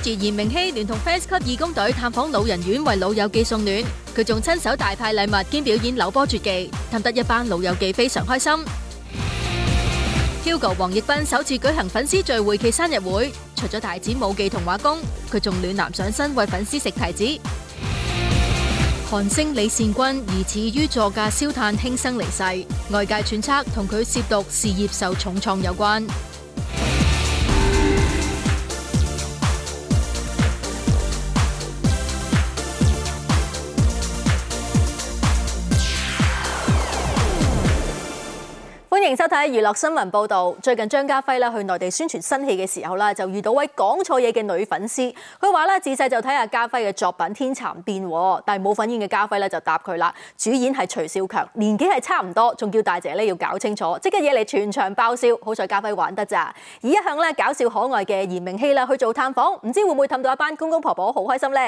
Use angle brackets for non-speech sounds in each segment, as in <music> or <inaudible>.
Gigi 嚴明熙連同 fans 級義工隊探訪老人院為老友記送暖，佢仲親手大派禮物兼表演扭波絕技，氹得一班老友記非常開心。Hugo 黃奕斌首次舉行粉絲聚會暨生日會，除咗大展武技同畫功，佢仲暖男上身為粉絲食提子。韓星李善均疑似於座駕燒炭輕生離世，外界揣測同佢涉毒事業受重創有關。歡迎收睇娛樂新聞報道。最近張家輝咧去內地宣傳新戲嘅時候啦，就遇到位講錯嘢嘅女粉絲。佢話咧自細就睇阿家輝嘅作品《天蠶變》，但係冇份演嘅家輝咧就答佢啦。主演係徐少強，年紀係差唔多，仲叫大姐咧要搞清楚，即刻惹嚟，全場爆笑。好彩家輝玩得咋。而一向咧搞笑可愛嘅嚴明希啦，去做探訪，唔知會唔會氹到一班公公婆婆好開心呢？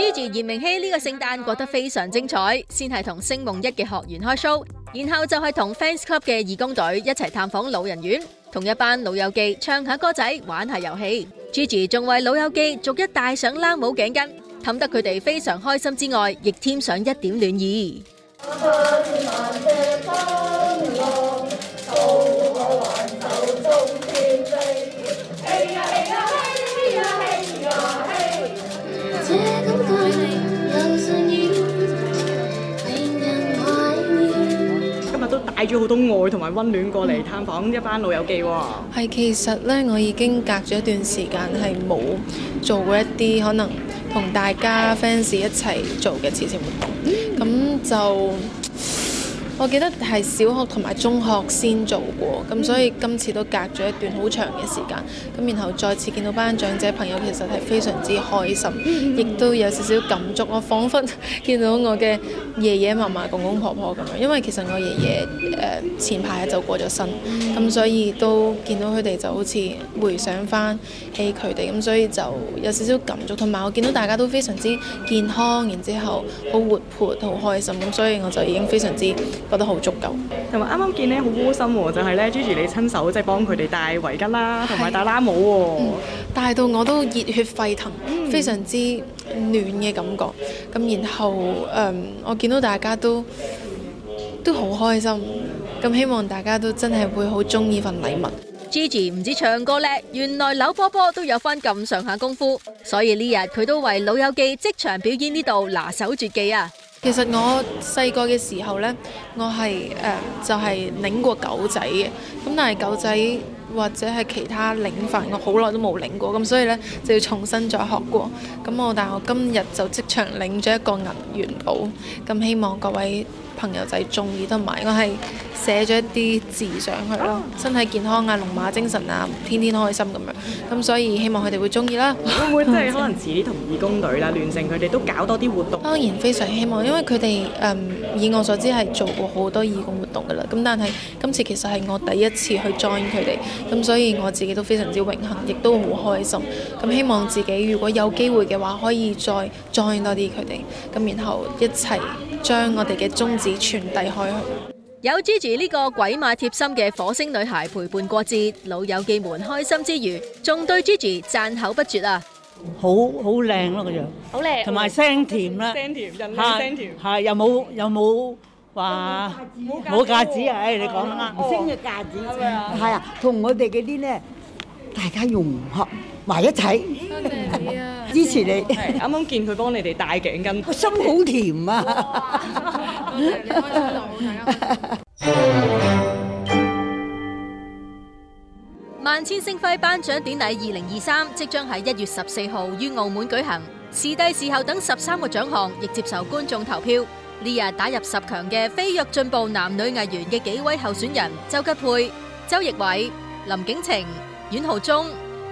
Gigi 嚴明熙呢個聖誕過得非常精彩，先係同星夢一嘅學員開 show，然後就係同 fans club 嘅義工隊一齊探訪老人院，同一班老友記唱下歌仔、玩下遊戲。Gigi 仲為老友記逐一戴上冷帽頸巾，氹得佢哋非常開心之外，亦添上一點暖意。帶咗好多愛同埋溫暖過嚟探訪一班老友記喎。係，其實呢，我已經隔咗一段時間，係冇做過一啲可能同大家 fans 一齊做嘅慈善活動，咁就。我記得係小學同埋中學先做過，咁所以今次都隔咗一段好長嘅時間，咁然後再次見到班長者朋友，其實係非常之開心，亦都有少少感觸。我彷彿見到我嘅爺爺嫲嫲、公公婆婆咁樣，因為其實我爺爺、呃、前排就過咗身，咁所以都見到佢哋就好似回想翻起佢哋，咁所以就有少少感觸。同埋我見到大家都非常之健康，然之後好活潑、好開心，咁所以我就已經非常之～覺得好足夠，同埋啱啱見呢好窩心喎，就係、是、咧 Gigi 你親手即係幫佢哋戴圍巾啦，同埋戴冷帽喎、哦，戴、嗯、到我都熱血沸騰，嗯、非常之暖嘅感覺。咁然後誒、嗯，我見到大家都都好開心，咁希望大家都真係會好中意份禮物。Gigi 唔止唱歌叻，原來扭波波都有翻咁上下功夫，所以呢日佢都為老友記即場表演呢度拿手絕技啊！其實我細個嘅時候呢，我係誒、呃、就係、是、領過狗，狗仔嘅，咁但係狗仔或者係其他領法，我好耐都冇領過，咁所以呢，就要重新再學過。咁我但係我今日就即場領咗一個銀元寶，咁希望各位。朋友仔中意，得埋我係寫咗一啲字上去咯。身體健康啊，龍馬精神啊，天天開心咁樣。咁所以希望佢哋會中意啦。會唔會即係 <laughs> 可能遲啲同義工隊啦、聯盛佢哋都搞多啲活動？當然非常希望，因為佢哋嗯，以我所知係做過好多義工活動噶啦。咁但係今次其實係我第一次去 join 佢哋，咁所以我自己都非常之榮幸，亦都好開心。咁希望自己如果有機會嘅話，可以再 join 多啲佢哋，咁然後一齊，將我哋嘅宗旨傳遞開去。有 Gigi 呢個鬼馬貼心嘅火星女孩陪伴過節，老友記們開心之餘，仲對 Gigi 讚口不絕啊！好好靚咯個樣，好靚，同埋聲甜啦，聲甜，人靚聲甜，係又冇又冇話冇架子啊！你講啦，明星嘅架子，係啊，同我哋嗰啲咧，大家融合，埋一齊支持你，啱啱見佢幫你哋戴頸巾，個心好甜啊！萬千星輝頒獎典禮二零二三即將喺一月十四號於澳門舉行，時第時候等十三個獎項亦接受觀眾投票。呢日打入十強嘅飛躍進步男女藝員嘅幾位候選人：周吉佩、周奕偉、林景晴、阮浩中。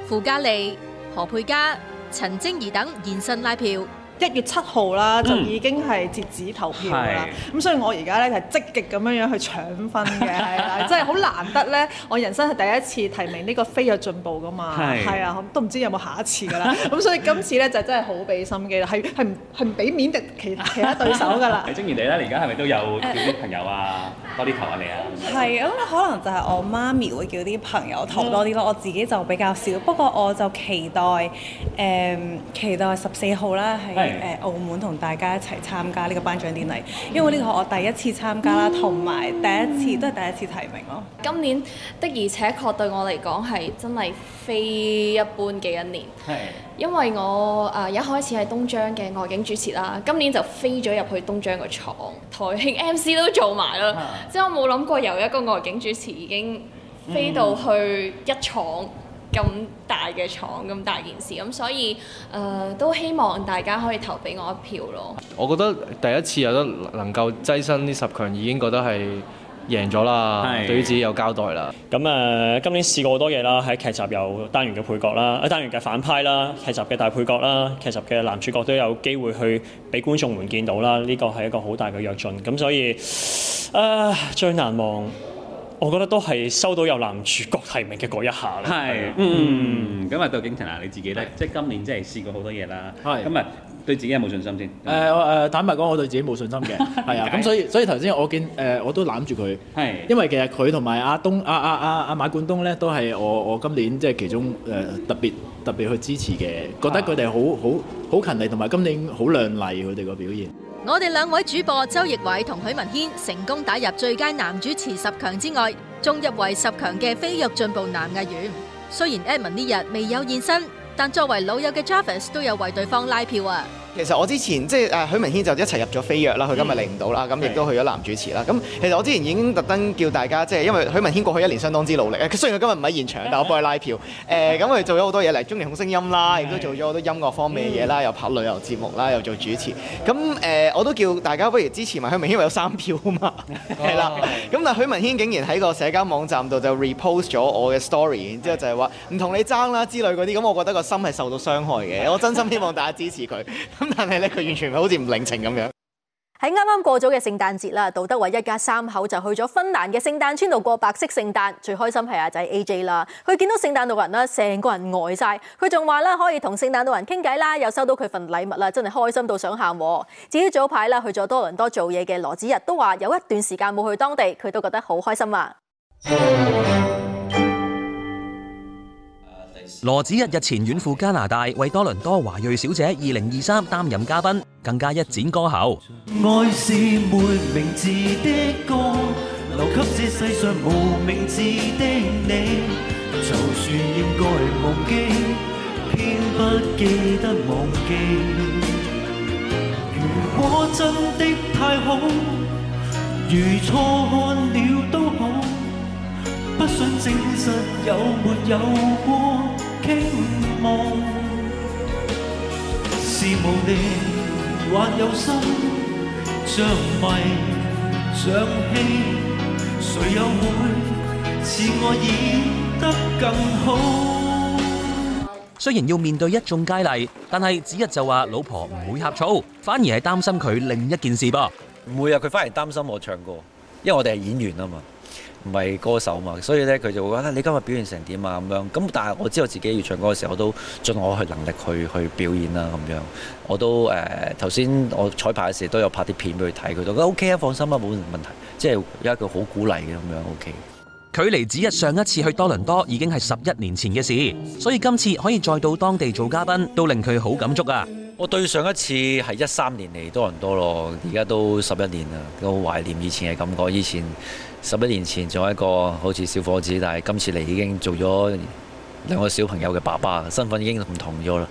傅嘉莉、何佩嘉、陳貞儀等現身拉票。一月七號啦，就已經係截止投票噶啦。咁所以我而家咧係積極咁樣樣去搶分嘅，係啊， <laughs> 的真係好難得咧！我人生係第一次提名呢個飛躍進步噶嘛，係 <laughs> 啊，都唔知有冇下一次噶啦。咁 <laughs> 所以今次咧就真係好俾心機啦，係係唔係唔俾面嘅其其他對手噶啦。誒，中年哋咧，你而家係咪都有叫啲朋友啊，多啲投下你啊？係咁，可能就係我媽咪會叫啲朋友投多啲咯。Yeah. 我自己就比較少，不過我就期待誒、嗯，期待十四號啦，係。澳門同大家一齊參加呢個頒獎典禮，因為呢個係我第一次參加啦，同埋、嗯、第一次都係第一次提名咯。今年的而且確對我嚟講係真係非一般嘅一年，的因為我誒一開始係東張嘅外景主持啦，今年就飛咗入去東張個廠，台慶 MC 都做埋啦，的即係我冇諗過由一個外景主持已經飛到去一廠。嗯咁大嘅廠，咁大件事，咁所以，誒、呃、都希望大家可以投俾我一票咯。我覺得第一次有得能夠躋身呢十強，已經覺得係贏咗啦，的對於自己有交代啦。咁誒、呃，今年試過好多嘢啦，喺劇集有單元嘅配角啦，喺、呃、單元嘅反派啦，劇集嘅大配角啦，劇集嘅男主角都有機會去俾觀眾們見到啦。呢個係一個好大嘅躍進，咁所以，誒、呃、最難忘。我覺得都係收到有男主角提名嘅嗰一下啦。係，嗯，咁啊，杜景騰啊，你自己咧，即係今年真係試過好多嘢啦。係，咁啊，對自己有冇信心先？誒誒，坦白講，我對自己冇信心嘅，係啊。咁所以所以頭先我見誒，我都攬住佢，係，因為其實佢同埋阿東阿阿阿阿馬冠東咧，都係我我今年即係其中誒特別特別去支持嘅，覺得佢哋好好好勤力，同埋今年好亮麗佢哋個表現。我哋兩位主播周奕偉同許文軒成功打入最佳男主持十強之外，仲入圍十強嘅飛躍進步男藝員。雖然 Edmond 呢日未有現身，但作為老友嘅 Javis 都有為對方拉票啊！其實我之前即係誒許文軒就一齊入咗飛躍啦，佢今日嚟唔到啦，咁亦都去咗男主持啦。咁對 其實我之前已經特登叫大家即係因為許文軒過去一年相當之努力啊，雖然佢今日唔喺現場， <laughs> 但我幫佢拉票誒，咁、呃、佢做咗好多嘢嚟，中年好聲音啦，亦都做咗好多音樂方面嘅嘢啦， <laughs> 又拍旅遊節目啦，又做主持。咁誒、 <laughs> 呃、我都叫大家不如支持埋許文軒，因為有三票啊嘛，係啦。 <laughs> <laughs> 咁但係許文軒竟然喺個社交網站度就 repost 咗我嘅 story，然之後就係話唔同你爭啦之類嗰啲，咁我覺得個心係受到傷害嘅。 <laughs> 我真心希望大家支持佢。 <laughs> 但係咧，佢完全好似唔領情咁樣。喺啱啱過咗嘅聖誕節啦，杜德偉一家三口就去咗芬蘭嘅聖誕村度過白色聖誕。最開心係阿仔 A J 啦，佢見到聖誕老人啦，成個人呆晒。佢仲話啦，可以同聖誕老人傾偈啦，又收到佢份禮物啦，真係開心到想喊。至於早排啦，去咗多倫多做嘢嘅羅子溢都話有一段時間冇去當地，佢都覺得好開心啊。 <music> 羅子溢日前遠赴加拿大，為多倫多華裔小姐2023擔任嘉賓，更加一展歌喉。想證實有冇有過傾慕，還有心，像迷，誰又會似我演得更好？雖然要面對一眾佳麗，但係子一就話老婆唔會呷醋，反而係擔心佢另一件事噃。唔會啊，佢反而擔心我唱歌，因為我哋係演員啊嘛。唔係歌手嘛，所以咧佢就會覺得你今日表現成點啊？咁樣咁，但係我知道自己要唱歌嘅時候，我都盡我去能力去去表演啦、啊。咁樣我都誒頭先我彩排嘅時候都有拍啲片俾佢睇，佢都覺得 OK 啊，放心啦、啊，冇問題，即係一個好鼓勵嘅咁樣。OK。距離指日上一次去多倫多已經係十一年前嘅事，所以今次可以再到當地做嘉賓，都令佢好感觸啊。我對上一次係一三年嚟多倫多咯，而家都十一年啦，都好懷念以前嘅感覺，以前。十一年前仲係一個好似小伙子，但係今次嚟已經做咗兩個小朋友嘅爸爸，身份已經唔同咗啦。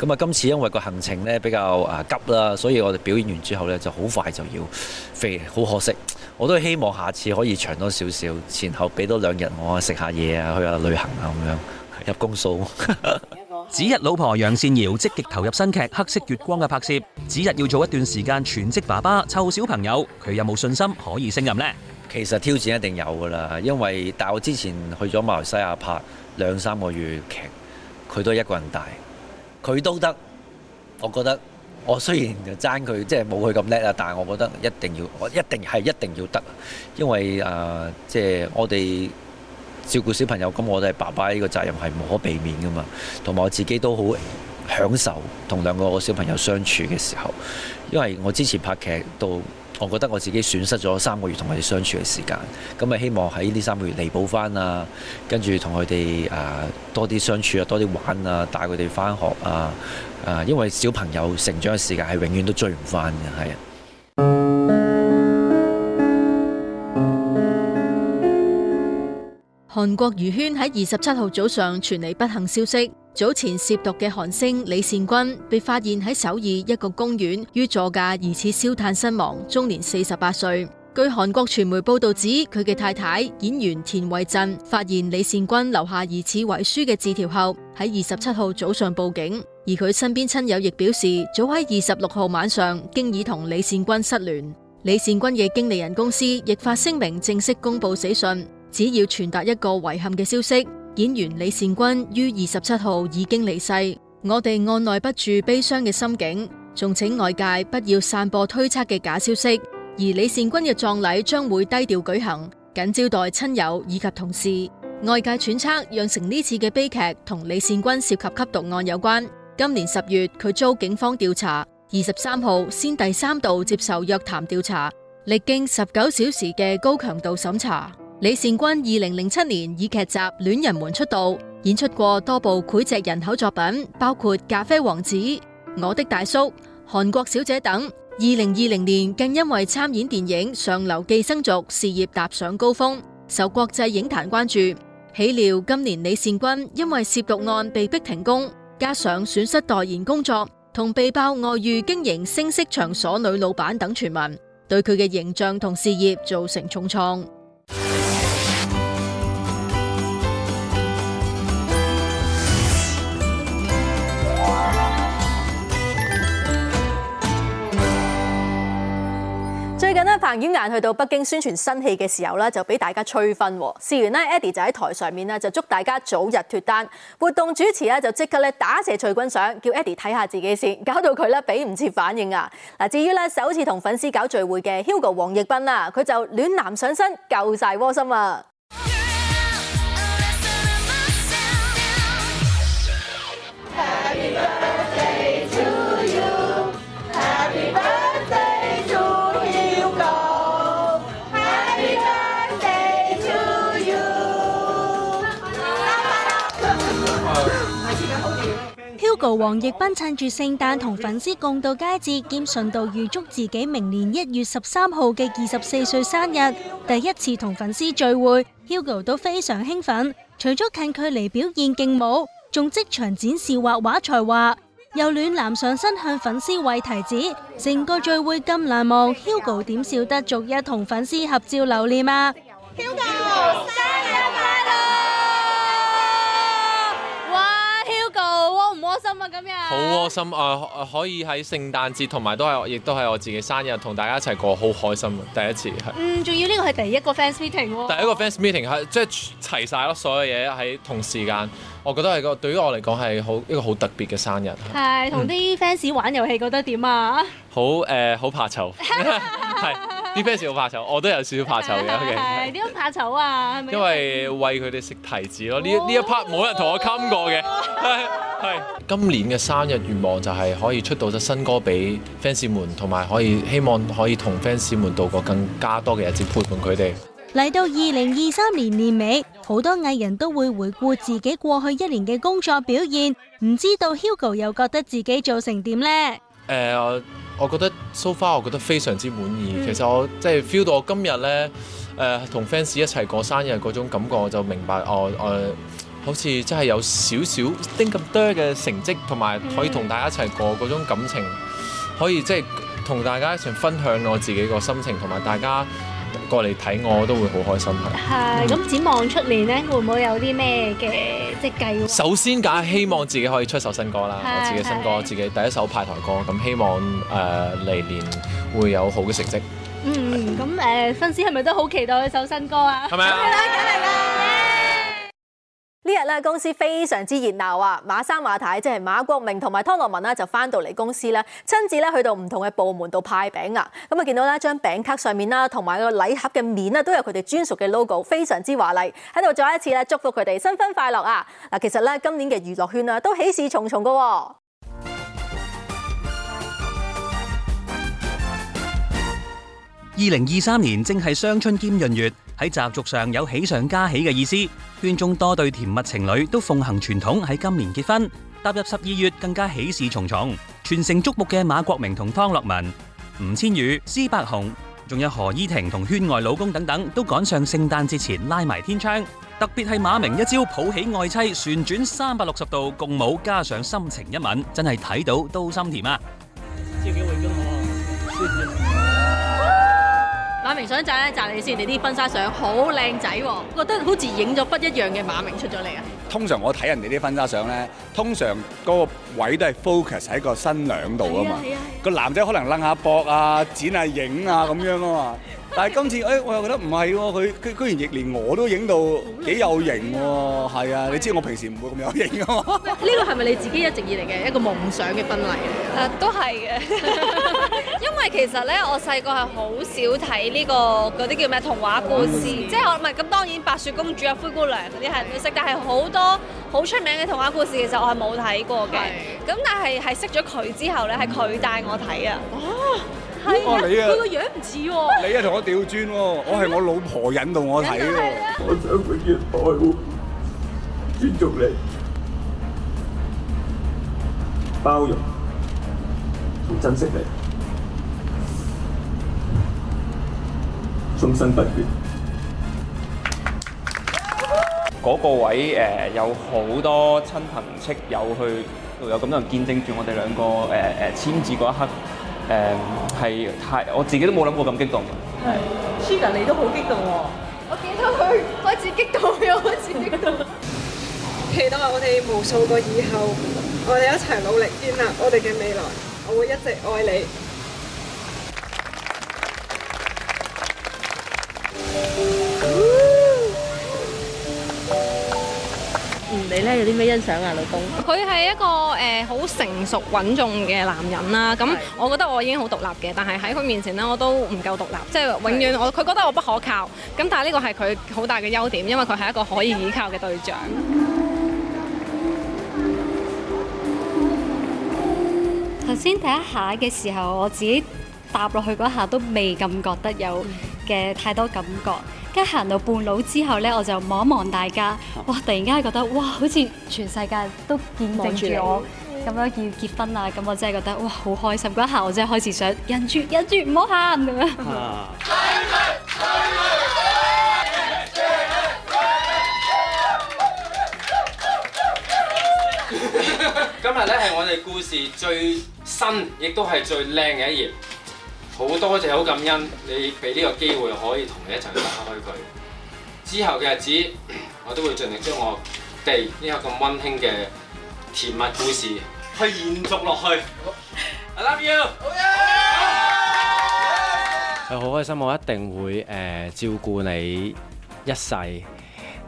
咁啊，今次因為個行程呢比較誒急啦，所以我哋表演完之後呢就好快就要飛，好可惜。我都希望下次可以長多少少，前後俾多兩日我食下嘢啊，去下旅行啊，咁樣入公數。子 <laughs> 日老婆楊善瑤積，積極投入新劇《黑色月光》嘅拍攝，子日要做一段時間全職爸爸湊小朋友，佢有冇信心可以升任呢？其實挑戰一定有㗎喇，因為但係我之前去咗馬來西亞拍兩三個月劇，佢都一個人帶，佢都得。我覺得我雖然爭佢即係冇佢咁叻喇，但係我覺得一定要，我一定係一定要得。因為誒、呃，即係我哋照顧小朋友，咁我哋爸爸呢個責任係無可避免㗎嘛。同埋我自己都好享受同兩個小朋友相處嘅時候，因為我之前拍劇都。我覺得我自己損失咗三個月同佢哋相處嘅時間，咁咪希望喺呢三個月彌補翻啊，跟住同佢哋誒多啲相處啊，多啲玩啊，帶佢哋翻學啊，誒，因為小朋友成長嘅時間係永遠都追唔翻嘅，係啊。韓國娛圈喺二十七號早上傳嚟不幸消息。早前涉毒嘅韓星李善均被發現喺首爾一個公園於座駕疑似燒炭身亡，終年四十八歲。據韓國傳媒報道指，佢嘅太太演員田惠鎮發現李善均留下疑似遺書嘅字條後，喺二十七號早上報警。而佢身邊親友亦表示，早喺二十六號晚上經已同李善均失聯。李善均嘅經理人公司亦發聲明正式公布死訊，只要傳達一個遺憾嘅消息。演員李善君於二十七號已經離世，我哋按耐不住悲傷嘅心境，仲請外界不要散播推測嘅假消息。而李善君嘅葬禮將會低調舉行，僅招待親友以及同事。外界揣測，釀成呢次嘅悲劇同李善君涉及吸毒案有關。今年十月，佢遭警方調查，二十三號先第三度接受約談調查，歷經十九小時嘅高強度審查。李善君二零零七年以劇集《戀人們》出道，演出過多部膾炙人口作品，包括《咖啡王子》、《我的大叔》、《韓國小姐》等。二零二零年更因為參演電影《上流寄生族》，事業踏上高峰，受國際影壇關注。豈料今年李善君因為涉毒案被逼停工，加上損失代言工作，同被爆外遇、經營聲色場所、女老闆等傳聞，對佢嘅形象同事業造成重創。最近咧，彭于晏去到北京宣傳新戲嘅時候咧，就俾大家催婚。事緣咧，Eddie 就喺台上面咧就祝大家早日脱單。活動主持咧就即刻咧打蛇隨棍上，叫 Eddie 睇下自己先，搞到佢咧俾唔切反應啊。嗱，至於咧首次同粉絲搞聚會嘅 Hugo 黃奕斌啦，佢就暖男上身，救晒窩心啊！Hugo 黃奕斌趁住聖誕同粉絲共度佳節，兼順道預祝自己明年一月十三號嘅二十四歲生日。第一次同粉絲聚會，Hugo 都非常興奮，除咗近距離表現勁舞，仲即場展示畫畫才華，又暖男上身向粉絲餵提子。成個聚會咁難忘，Hugo 點少得逐一同粉絲合照留念啊！Hugo 三連！好窩心啊、呃！可以喺聖誕節同埋都係，亦都係我自己生日，同大家一齊過，好開心第一次係。嗯，仲要呢個係第一個 fans meeting 喎、哦。第一個 fans meeting 係即係齊晒咯，所有嘢喺同時間，我覺得係個對於我嚟講係好一個好特別嘅生日。係同啲 fans 玩遊戲，覺得點啊？好誒、嗯，好怕醜係。啲、呃、fans 好怕醜， <laughs> <laughs> <laughs> <laughs> <laughs> <laughs> <laughs> <laughs> 我都有少少怕醜嘅。係點怕醜啊？因為餵佢哋食提子咯。呢呢、哦哦哦、一 part 冇人同我冚過嘅。 <laughs> 今年嘅生日願望就係可以出到隻新歌俾 fans 們，同埋可以希望可以同 fans 們度過更加多嘅日子陪伴佢哋。嚟到二零二三年年尾，好多藝人都會回顧自己過去一年嘅工作表現，唔知道 Hugo 又覺得自己做成點呢？我覺得 so far 我覺得非常之滿意。其實我即係、就是、feel 到我今日呢同、呃、fans 一齊過生日嗰種感覺，就明白哦，呃我好似真係有少少拎咁多嘅成績，同埋可以同大家一齊過嗰種感情，可以即係同大家一齊分享我自己個心情，同埋大家過嚟睇我，的我都會好開心係。咁展的、嗯、望出年呢，會唔會有啲咩嘅即係計劃？首先，梗係希望自己可以出首新歌啦，是的 我自己新歌，的自己第一首派台歌。咁希望誒嚟、呃、年會有好嘅成績。嗯，咁誒粉絲係咪都好期待呢首新歌啊？係咪啊？呢日公司非常之熱鬧啊！馬三馬太即係馬國明同埋湯洛雯，就翻到嚟公司咧，親自去到唔同嘅部門度派餅啊！咁啊見到咧張餅卡上面啦，同埋個禮盒嘅面都有佢哋專屬嘅 logo，非常之華麗。喺度再一次祝福佢哋新婚快樂啊！其實咧今年嘅娛樂圈啊，都喜事重重噶。2023年，正係雙春兼閏月，喺習俗上有喜上加喜嘅意思。圈中多對甜蜜情侶都奉行傳統喺今年結婚，踏入十二月更加喜事重重。全城矚目嘅馬國明同湯洛雯、吳千語、施伯雄，仲有何依婷同圈外老公等等都趕上聖誕節前拉埋天窗，特別係馬明一招抱起愛妻，旋轉三百六十度，共舞加上深情一吻，真係睇到都心甜啊。馬明，想讚一讚你先，你啲婚紗相好靚仔，覺得好似影咗不一樣嘅馬明出咗嚟啊！通常我睇人哋啲婚紗相咧，通常嗰個位都係 focus 喺個新娘度啊嘛，個、係啊係啊係啊係啊、男仔可能擸下膊啊、剪下影啊咁、啊、樣啊嘛。 <laughs> 但係今次，誒、哎、我又覺得唔係喎，佢佢居然亦連我都影到幾有型喎，係、嗯、啊！你知我平時唔會咁有型噶嘛？呢個係咪你自己一直以嚟嘅一個夢想嘅婚禮咧？誒，都係嘅， <laughs> 因為其實咧，我細、個係好少睇呢個嗰啲叫咩童話故事，即係我唔係咁當然白雪公主啊、灰姑娘嗰啲係會識，對但係好多好出名嘅童話故事其實我係冇睇過嘅。咁對但係係識咗佢之後咧，係佢帶我睇啊。哦、啊，你啊！佢個樣唔似喎。你啊，同我調轉喎。我係我老婆引導我睇喎。我想永遠愛護你，尊重你，包容同珍惜你，終身不渝。嗰 <laughs> <laughs> 個位誒、呃，有好多親朋戚友去度，有咁樣見證住我哋兩個誒誒簽字嗰一刻。誒、嗯、係太，我自己都冇諗過咁激，是激動。係 Chika 你都好激動喎，我見到佢開始激動，又開始激動。 <laughs> 期待我哋無數個以後，我哋一齊努力建立我哋嘅未來。我會一直愛你。你咧有啲咩欣賞啊，老公？佢係一個誒好成熟穩重嘅男人啦。咁我覺得我已經好獨立嘅，但係喺佢面前咧，我都唔夠獨立，即係永遠我佢覺得我不可靠。咁但係呢個係佢好大嘅優點，因為佢係一個可以依靠嘅對象。頭先第一下嘅時候，我自己踏落去嗰下都未咁覺得有嘅太多感覺。而家行到半路之後咧，我就望一望大家，哇！突然間覺得哇，好似全世界都見證住我咁樣要結婚啦！咁我真係覺得哇，好開心！嗰一刻我真係開始想忍住，忍住唔好喊咁樣。今日咧係我哋故事最新，亦都係最靚嘅一頁。好多謝好感恩，你俾呢個機會可以同你一齊打開佢。之後嘅日子，我都會盡力將我地呢個咁溫馨嘅甜蜜故事去延續落去，好。I love you。係好開心，我一定會誒照顧你一世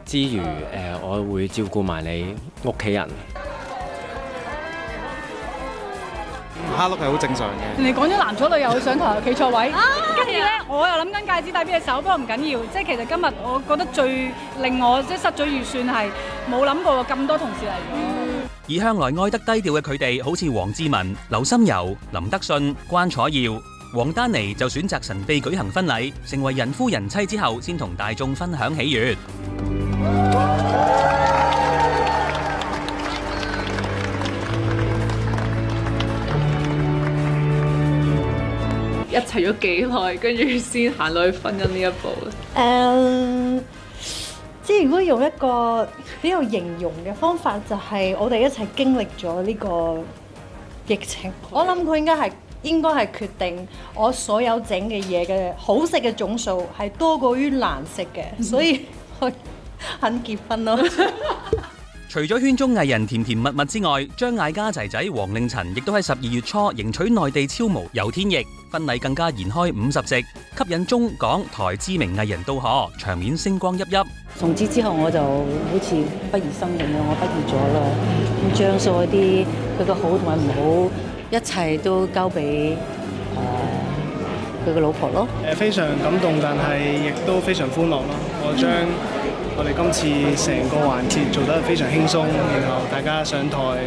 之餘，誒我會照顧埋你屋企人。蝦碌係好正常嘅。人哋講咗男左女右上台，企錯位。跟住咧，我又諗緊戒指戴邊隻手，不過唔緊要。即係其實今日，我覺得最令我即係失咗預算係冇諗過咁多同事嚟。而向來愛得低調嘅佢哋，好似黃智雯、劉心悠、林德信、關楚耀、王丹妮就選擇神秘舉行婚禮，成為人夫人妻之後，先同大眾分享喜悅。一齊咗幾耐，跟住先行落去婚姻呢一步咧。即係、uh, 如果用一個比較形容嘅方法，就係、是、我哋一齊經歷咗呢個疫情。 <noise> 我諗佢應該係應該係決定我所有整嘅嘢嘅好食嘅種數係多過於難食嘅，所以肯結婚咯。 <laughs> 除咗圈中藝人甜甜蜜蜜之外，張艾嘉仔仔黃令辰亦都喺十二月初迎娶內地超模游天翼，婚禮更加延開五十席，吸引中港台知名藝人到賀，場面星光熠熠。從此之後，我就好似畢業生咁樣，我畢業咗啦。咁張數啲佢嘅好同埋唔好，一切都交俾誒佢嘅老婆咯。非常感動，但係亦都非常歡樂咯。我將我哋今次成個環節做得非常輕鬆，然後大家上台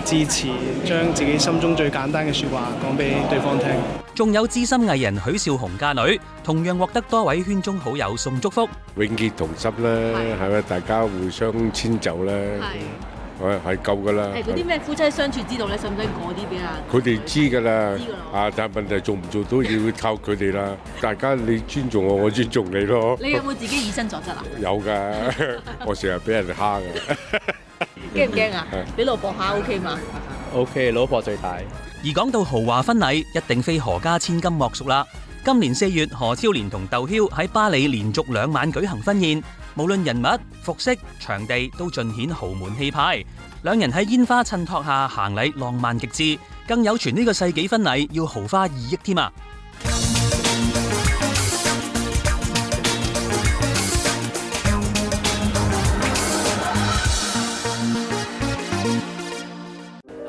誒致詞，將自己心中最簡單嘅説話講俾對方聽。仲有資深藝人許紹雄嫁女，同樣獲得多位圈中好友送祝福。永結同心啦，係咪？大家互相遷就啦。誒係夠噶啦！誒嗰啲咩夫妻相處之道你信唔使嗰啲俾啊？佢哋知噶啦，啊！但問題做唔做到要靠佢哋啦。 <laughs> 大家你尊重我，我尊重你咯。你有冇自己以身作則 <laughs> 啊？有噶的，我成日俾人蝦嘅。驚唔驚啊？俾老婆蝦 OK 嘛？OK，老婆最大。而講到豪華婚禮，一定非何家千金莫屬啦。今年四月，何超蓮同竇驍喺巴黎連續兩晚舉行婚宴。無論人物、服飾、場地都盡顯豪門氣派，兩人喺煙花襯托下行禮浪漫極致，更有傳呢個世紀婚禮要豪花二億添啊！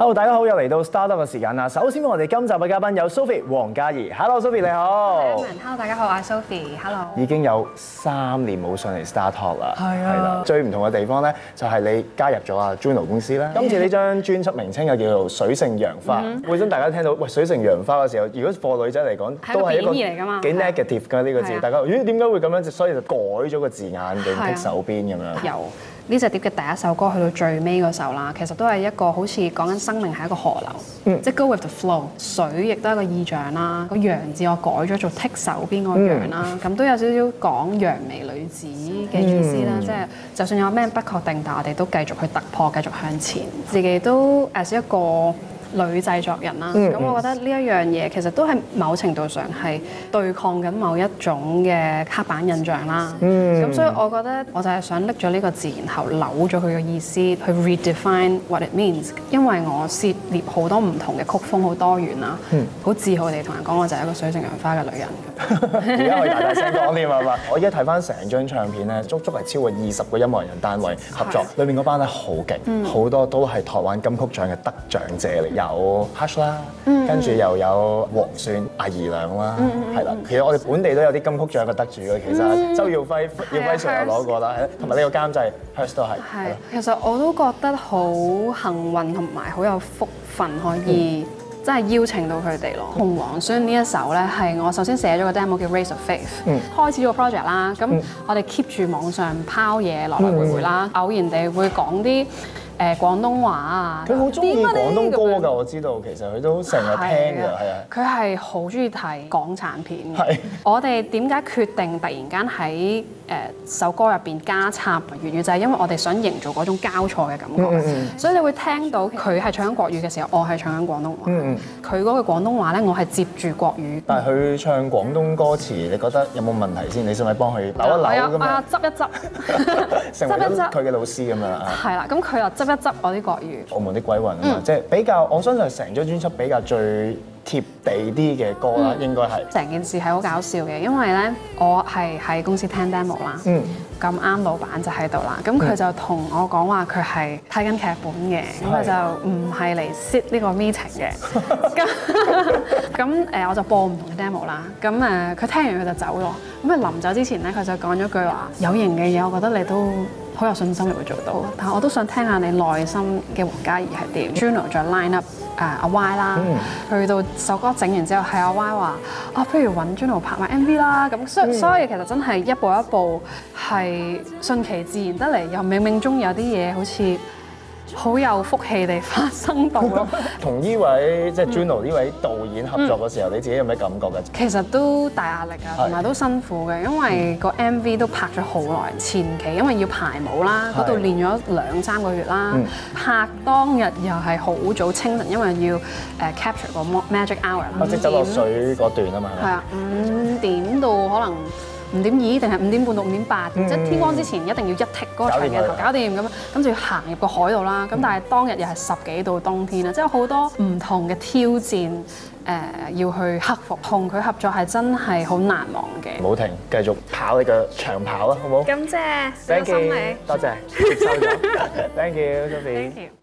好、哦，大家好，又嚟到 Startup 嘅時間啦。首先，我哋今集嘅嘉賓有 ie，儀 Hello, Sophie 黃嘉怡。Hello，Sophie 你好。Hello，大家好啊，Sophie。Ie, Hello。已經有三年冇上嚟 Startup 啦。係啊了。係啦。最唔同嘅地方咧，就係、是、你加入咗阿 Juno 公司啦。今次呢張專輯名稱又叫做《水性楊花》。嗯，嗯。會唔會大家聽到喂《水性楊花》嘅時候，如果 for 女仔嚟講，都係一個幾 negative 㗎呢個字。的大家，咦？點解會咁樣？就所以就改咗個字眼，叫的《的手邊》咁樣。的有。呢隻碟嘅第一首歌去到最尾嗰首啦，其實都係一個好似講緊生命係一個河流，mm. 即係 Go with the flow。水亦都係一個意象啦，那個陽字我改咗做剔手邊個揚啦，咁、mm. 都有少少講揚眉女子嘅意思啦。Mm. 即係就算有咩不確定，但我哋都繼續去突破，繼續向前。自己都 as 一個。女製作人啦，咁、嗯、我覺得呢一樣嘢其實都係某程度上係對抗緊某一種嘅刻板印象啦。咁、嗯、所以我覺得我就係想拎咗呢個字，然後扭咗佢嘅意思去 redefine what it means，因為我涉獵好多唔同嘅曲風，好多元啊，好自、嗯、豪地同人講，我就係一個水性楊花嘅女人。而家我可以大大聲講添啊嘛。我而家睇翻成張唱片咧，足足係超過二十個音樂人單位合作，裏的面嗰班咧好勁，好、嗯、多都係台灣金曲獎嘅得獎者嚟。有 Hush 啦，跟住又有黃宣、艾怡良啦，係啦。其實我哋本地都有啲金曲獎嘅得主嘅，其實周耀輝耀輝 Sir 又攞過啦，同埋呢個監製 Hush 都係。係，其實我都覺得好幸運同埋好有福分，可以真係邀請到佢哋咯。同黃宣呢一首咧，係我首先寫咗個 demo 叫 Race of Faith，開始咗個 project 啦。咁我哋 keep 住網上拋嘢來來回回啦，偶然地會講啲。誒、呃、廣東話啊！佢好中意廣東歌㗎，啊、我知道。些其實佢都成日聽嘅。係啊的。佢係好中意睇港產片嘅。的我哋點解決定突然間喺？誒、呃、首歌入邊加插粵語，越越就係因為我哋想營造嗰種交錯嘅感覺，嗯嗯、所以你會聽到佢係唱緊國語嘅時候，我係唱緊廣東話。佢嗰句廣東話咧，我係接住國語。但係佢唱廣東歌詞，你覺得有冇問題先？你想唔想幫佢扭一扭？咁係啊係啊，執一執。 <laughs> 成為執一執。成為佢嘅老師咁樣。係啦，咁佢又執一執我啲國語。澳門啲鬼魂啊嘛，即係、嗯、比較，我相信成張專輯比較最。貼地啲嘅歌啦，應該係成件事係好搞笑嘅，因為咧我係喺公司聽 demo 啦、嗯，咁啱老闆就喺度啦，咁佢就同我講話佢係睇緊劇本嘅，咁佢的就唔係嚟 set 呢個 meeting 嘅。咁咁誒我就播唔同嘅 demo 啦，咁誒佢聽完佢就走咗，咁佢臨走之前咧佢就講咗句話、嗯：有型嘅嘢，我覺得你都好有信心你會做到。嗯、但係我都想聽下你內心嘅黃嘉怡係點。Juno 再 line up。誒阿、uh, Y 啦、mm，hmm. 去到首歌整完之後，係阿 Y 話：「啊，不如揾 Jono 拍埋 MV 啦。咁所所以，mm hmm. 所以其實真係一步一步係順其自然得嚟，又冥冥中有啲嘢好似。好有福氣地發生到咯！同呢 <laughs> 位、嗯、即係 Juno 呢位導演合作嘅時候，嗯、你自己有咩感覺㗎？其實都大壓力啊，同埋是都辛苦嘅，因為個 MV 都拍咗好耐。前期因為要排舞啦，嗰度是練咗兩三個月啦，嗯、拍當日又係好早清晨，因為要誒 capture 個 magic hour 啦點，即走落水嗰段啊嘛，係啊，五點到可能。五點二定係五點半到五點八，嗯、即係天光之前一定要一踢嗰個長鏡頭搞掂咁樣，咁就要行入個海度啦。咁但係當日又係十幾度冬天啦，即係好多唔同嘅挑戰誒、呃、要去克服。同佢合作係真係好難忘嘅。冇停，繼續跑你個長跑啦。好唔好？感謝你，賞心禮，多謝，接收咗 <laughs> <laughs> ，thank you，多謝。